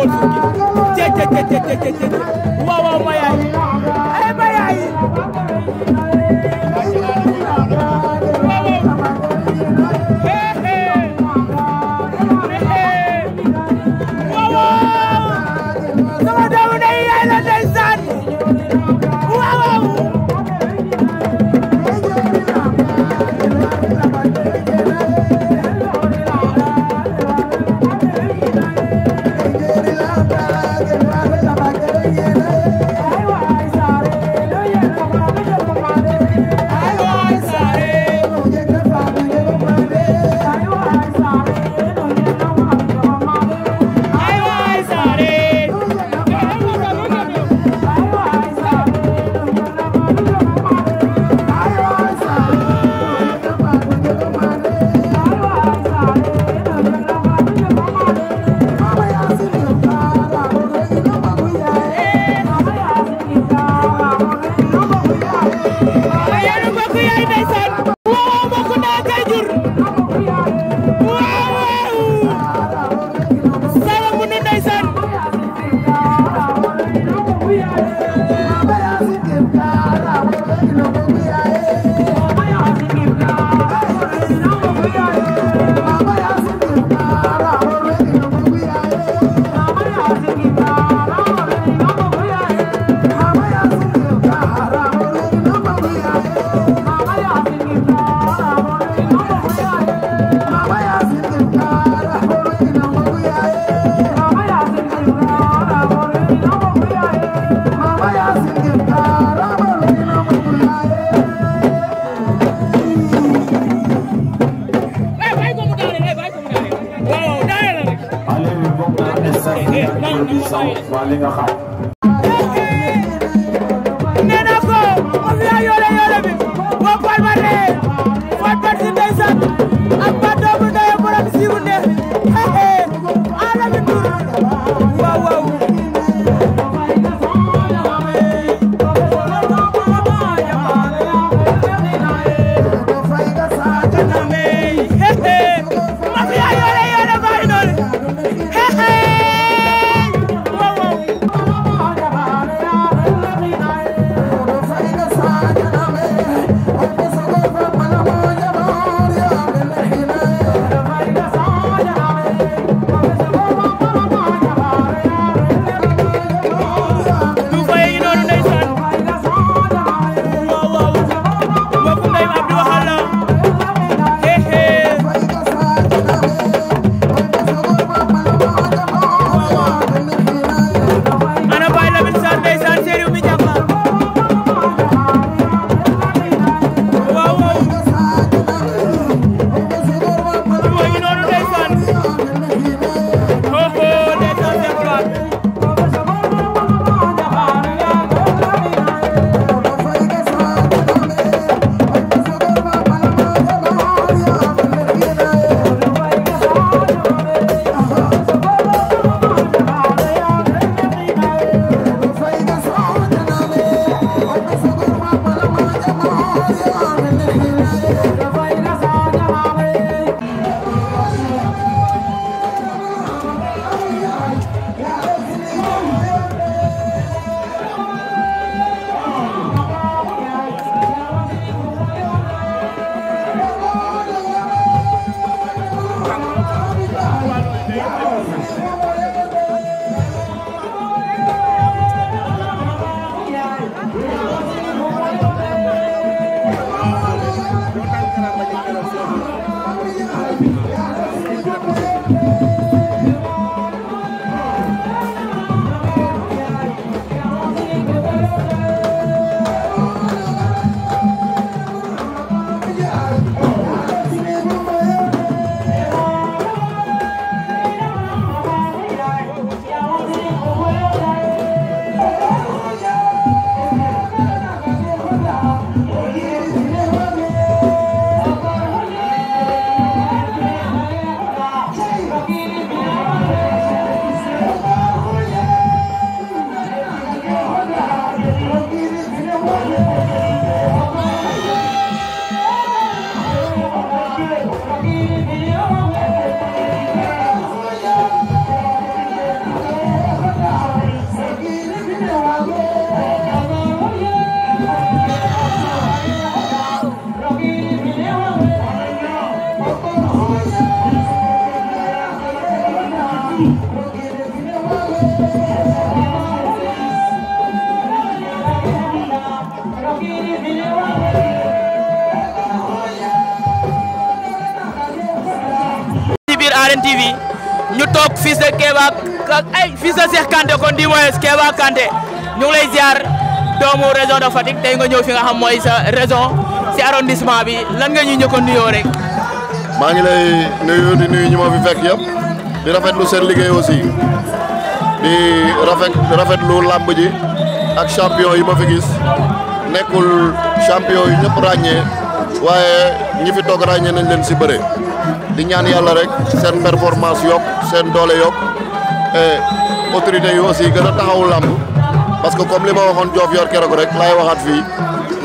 Babal Fouki cee cee cee cee cee cee baby, baby. 我领个卡。ñu toog fils de ay fils de Cheikh Kanté kon di moins Kéba Kanté ñu ngi lay ziar doomu région de Fatick tey nga ñëw fi nga xam mooy sa région si arrondissement bi lan nga ñuy njëkkoon nuyoo rek. maa ngi lay nuyu di nuyu ñi ma fi fekk yëpp di rafetlu seen liggéey aussi di rafet lu làmb ji ak champion yi ma fi gis nekkul champion yi ñëpp ràññee waaye ñi fi toog ràññee nañ leen si bëre. di ñaan yàlla rek seen performance yokk seen doole yokk et autorités yi aussi gën a taxawu làmb parce que comme li ma waxoon joof yor keroog rek laay waxaat fii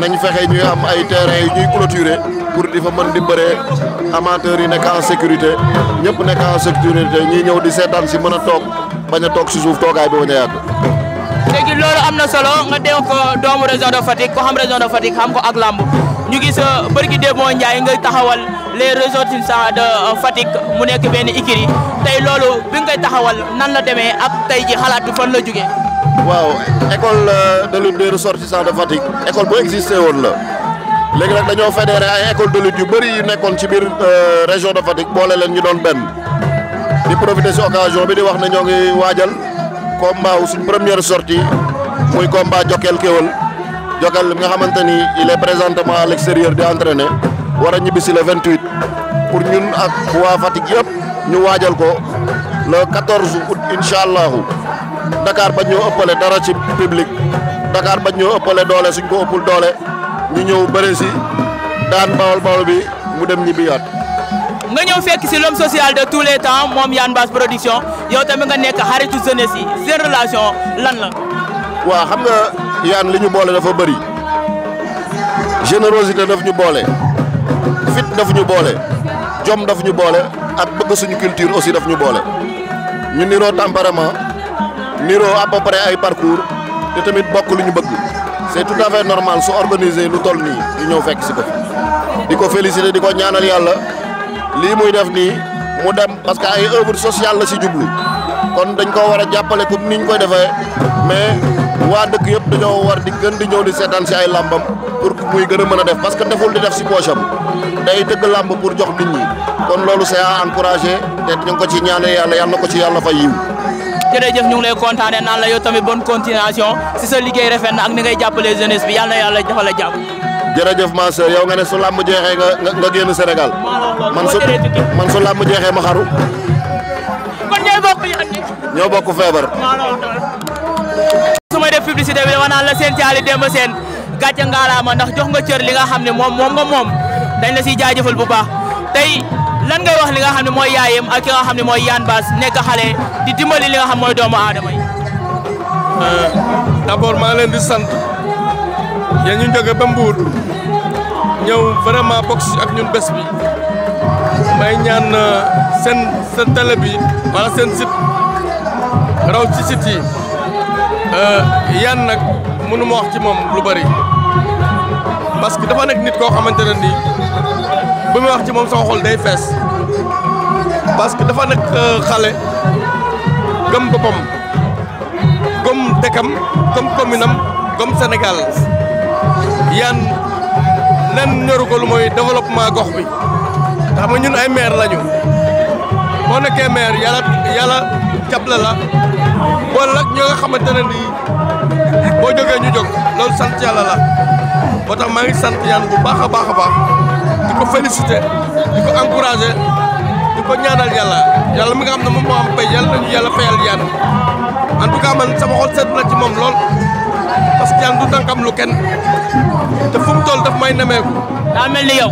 nañ fexe ñuy am ay terrain yu ñuy clôturer pour di fa mën di bëree amateurs yi nekk en sécurité ñëpp nekk en sécurité ñi ñëw di seetaan si mën a toog bañ a toog si suuf toogaay bi bañ a yàgg. léegi loolu am na solo nga dem ko doomu région de ko xam région de Fatick ko ak làmb ñu gis euh, bërki démb Ndiaye nga les ressortissants de euh, Fatick mu nekk benn écurie tey loolu bi nga koy taxawal nan la demee ak tey ji xalaat fan la jógee. waaw école euh, de lutte des ressortissants de Fatick école bu existé woon la léegi nag dañoo fédéré ay école de lutte yu bëri yu nekkoon ci biir euh, région de Fatick boole leen ñu doon benn di profiter si occasion bi di wax nañoo ñoo ngi waajal combat wu suñ première sortie muy combat Jokal Kewel Jokal bi nga xamante ni il est présentement à l'extérieur di entraîner. war a la vingt 28 pour ñun ak waa Fatick yëpp ñu waajal ko le 14 août incha allahu Dakar bañ ñoo ëppale dara ci public Dakar bañ ñoo ëppale doole suñ ko ëppul doole ñu ñëw bëre si daan bawol bawol bi mu dem ñibbiwaat. nga ñëw fekk si l'homme social de tous les temps moom Yane Basse production yow tamit nga nekk xaritu jeunesse yi seen relation lan la. waaw xam nga Yane li ñu boole dafa bëri générosité daf ñu boole. fit daf ñu boole jom daf ñu boole ak bëgg suñu culture aussi daf ñu boole ñu niroo tempérament niroo à peu près ay parcours te tamit bokk lu ñu bëgg c'est tout à fait normal su organiser lu toll nii ñu ñëw fekk si ko di ko féliciter di ko ñaanal yàlla lii muy def nii mu dem parce que ay œuvre sociale la si jublu kon dañ ko war a jàppale comme ni ñu koy defee mais. wa dëkk yep dañu war di gën di ñëw di sétal ci ay lambam pour muy gëna mëna def parce que deful di def ci pocham day tëgg lamb pour jox nit ñi kon lolu c'est à encourager té ñu ko ci ñaane yalla yalla ko ci yalla fay yiw jëf ñu lay contané nan la yow tamit bonne continuation ci sa liggéey rafet na ak ni ngay jappalé jeunesse bi yalla yalla joxala japp la jëf ma sœur yow nga né su lamb jéxé nga nga gënë Sénégal man su man su lamb jéxé ma xaru kon ñooy bokk yan ñoo bokk feebar bi wana la sen seen caali sen gatcha ngala ma ndax jox nga cër li nga xam mom mom nga mom dañ la ci jaajëfal bu baax tay lan ngay wax li nga xam moy yaayem ak ki nga xam moy mooy Yane Basse nekk xale di dimbali li nga xam moy doomu aadama yi. Euh, d' abord maa leen di sante ya ñu jóge ba Mbour ñew vraiment box ak ñun bes bi may ñaan euh, sen sen télé bi wala sen site raw ci site yan eh, nak mënu ma wax ci moom lu bari parce que dafa nekk nit koo xamante ne nii ba wax ci moom sama xol day fees parce que dafa nekk euh, xale gëm boppam gëm dëkkam gëm communam gëm Sénégal yan len ñoru ko lu mooy développement gox bi xam nga ñun ay maire lañu maire jable la boole nag ñoo nga xamante ne nii boo jógee ñu jóg loolu sant yàlla la moo tax maa ngi sant yàlla bu baax a di ko féliciter di ko encourager di ko ñaanal yàlla yàlla mi nga xam ne moom moo am pay yàlla nañu yàlla fayal yaan en tout cas sama xol seet la ci moom lool parce que yaan du tànkam lu kenn te fu mu toll may nemeeku daa mel ni yow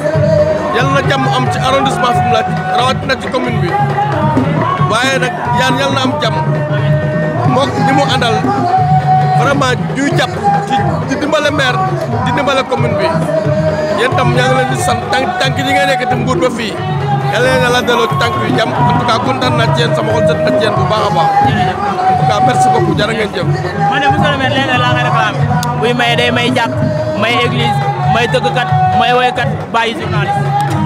yàlla na jàmm am ci arrondissement Fimelath rawatina ci commune bi waaye nag yaan yàlla na am jàmm moom ñi mu àndal vraiment juy ci di dimbale maire di dimbale commune bi yéen tam ñaa leen di sant tànk tànk yi ngay nekk te nguur ba fii yàlla na la delloo en tout cas ci sama xol set ci yéen bu baax baax en tout cas merci beaucoup jërë ngeen jëf buy may day may may église may dëggkat may woykat bàyyi journaliste